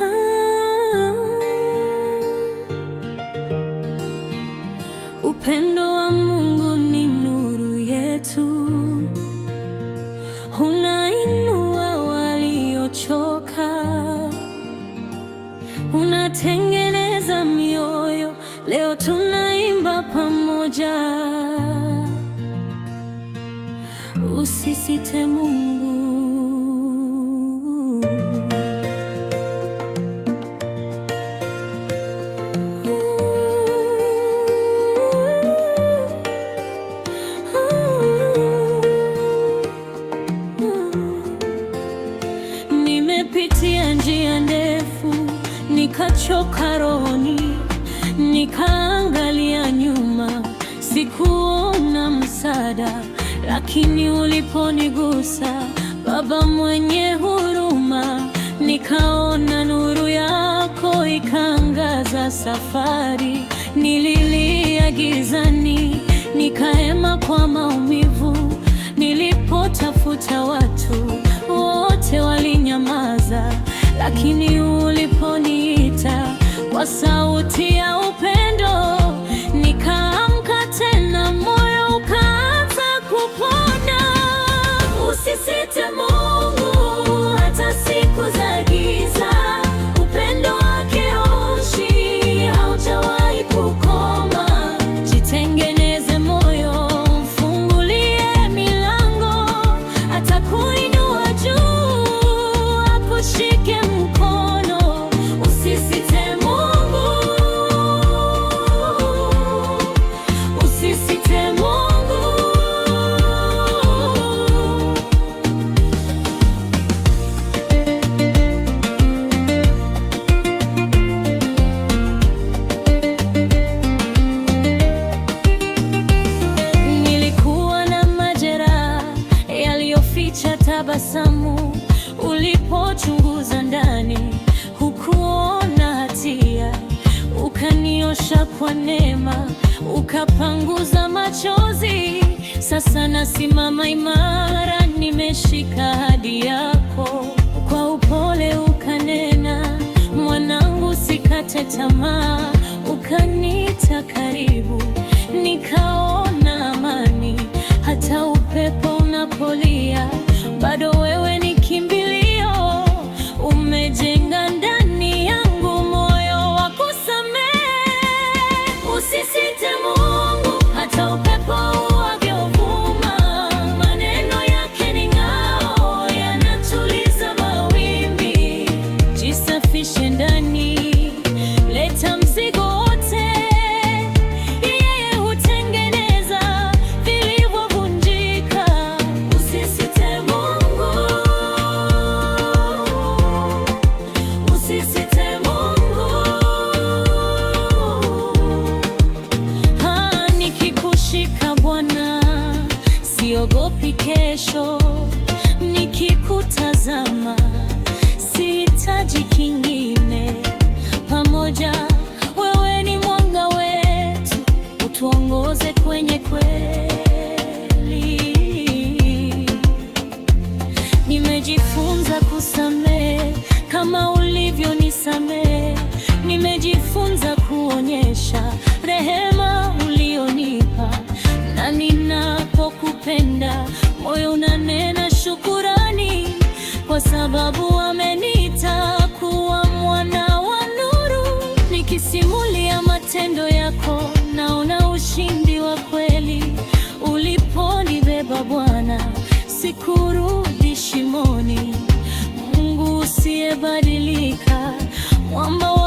Ah. Upendo wa Mungu ni nuru yetu, unainua waliochoka, unatengeneza mioyo. Leo tunaimba pamoja. Usisite Mungu, nimepitia njia ndefu, nikachoka rohoni, nikaangalia nyuma, sikuona msaada lakini uliponigusa Baba mwenye huruma, nikaona nuru yako ikaangaza safari. Nililia gizani, nikaema kwa maumivu, nilipotafuta watu wote walinyamaza, lakini uliponiita kwa ukanichunguza ndani, hukuona hatia, ukaniosha kwa neema, ukapanguza machozi. Sasa nasimama imara, nimeshika ahadi yako. Kwa upole ukanena, mwanangu, sikate tamaa. siogopi kesho, nikikutazama sihitaji kingine. Pamoja wewe ni mwanga wetu, utuongoze kwenye kweli sababu wameniita kuwa mwana wa nuru. Nikisimulia matendo yako, naona ushindi wa kweli. Uliponibeba Bwana, sikurudi shimoni. Mungu usiyebadilika, mwamba